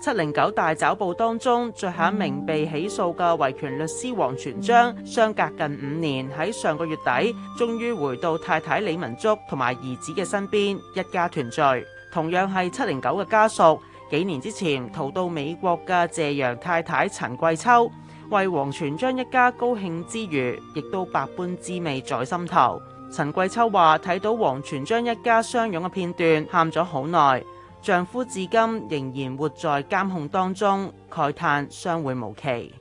七零九大抓捕當中，最後一名被起訴嘅維權律師王全璋，相隔近五年喺上個月底，終於回到太太李文足同埋兒子嘅身邊，一家團聚。同樣係七零九嘅家屬，幾年之前逃到美國嘅謝陽太太陳桂秋，為王全璋一家高興之餘，亦都百般滋味在心頭。陳桂秋話：睇到王全璋一家相擁嘅片段，喊咗好耐。丈夫至今仍然活在監控當中，慨嘆相會無期。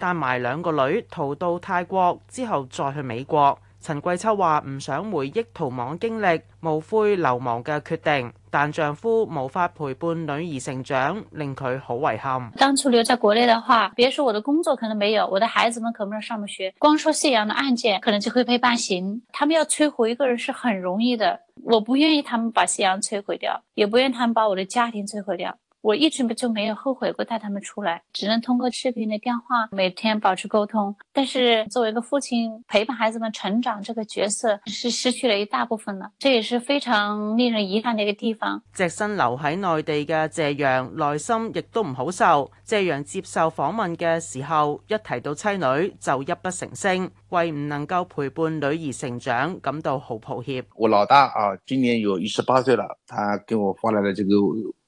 帶埋兩個女逃到泰國，之後再去美國。陳桂秋話：唔想回憶逃亡經歷，無悔流亡嘅決定，但丈夫無法陪伴女兒成長，令佢好遺憾。當初留在國內嘅話，別說我的工作可能沒有，我的孩子們可能上唔學。光說謝陽的案件，可能就會被判刑。他們要摧毀一個人是很容易的，我不願意他們把謝陽摧毀掉，也不願意他們把我的家庭摧毀掉。我一直就沒有後悔過帶他們出來，只能通過視頻的電話每天保持溝通。但是作為一個父親，陪伴孩子們成長這個角色是失去了一大部分的，這也是非常令人遺憾的一個地方。隻身留喺內地嘅謝陽，內心亦都唔好受。謝陽接受訪問嘅時候，一提到妻女就泣不成聲，為唔能夠陪伴女兒成長，感到好抱歉。我老大啊，今年有一十八歲了，他給我發來了這個，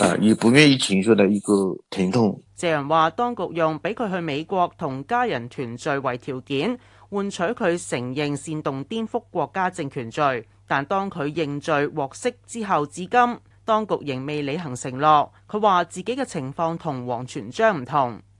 而不願意承受的一個疼痛。謝人話，當局用俾佢去美國同家人團聚為條件，換取佢承認煽動顛覆國家政權罪。但當佢認罪獲釋之後，至今當局仍未履行承諾。佢話自己嘅情況同王全璋唔同。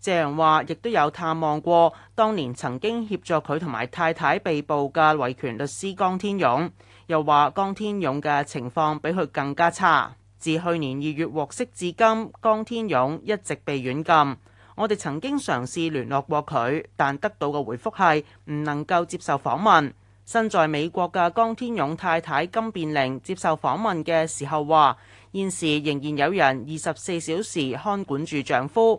謝陽話亦都有探望過當年曾經協助佢同埋太太被捕嘅維權律師江天勇，又話江天勇嘅情況比佢更加差。自去年二月獲釋至今，江天勇一直被軟禁。我哋曾經嘗試聯絡過佢，但得到嘅回覆係唔能夠接受訪問。身在美國嘅江天勇太太金變玲接受訪問嘅時候話，現時仍然有人二十四小時看管住丈夫。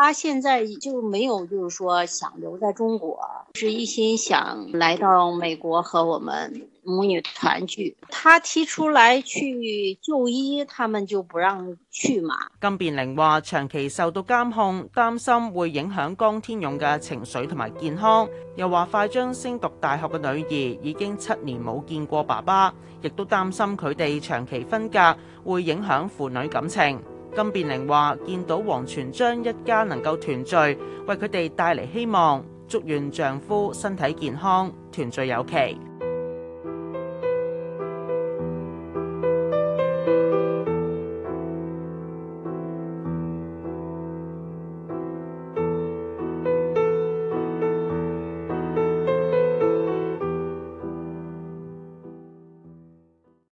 他現在就沒有，就是說想留在中國，是一心想來到美國和我們母女團聚。他提出來去就醫，他們就不讓去嘛。金變玲話，長期受到監控，擔心會影響江天勇嘅情緒同埋健康，又話快將升讀大學嘅女兒已經七年冇見過爸爸，亦都擔心佢哋長期分隔會影響父女感情。金變玲話：見到王全璋一家能夠團聚，為佢哋帶嚟希望，祝願丈夫身體健康，團聚有期。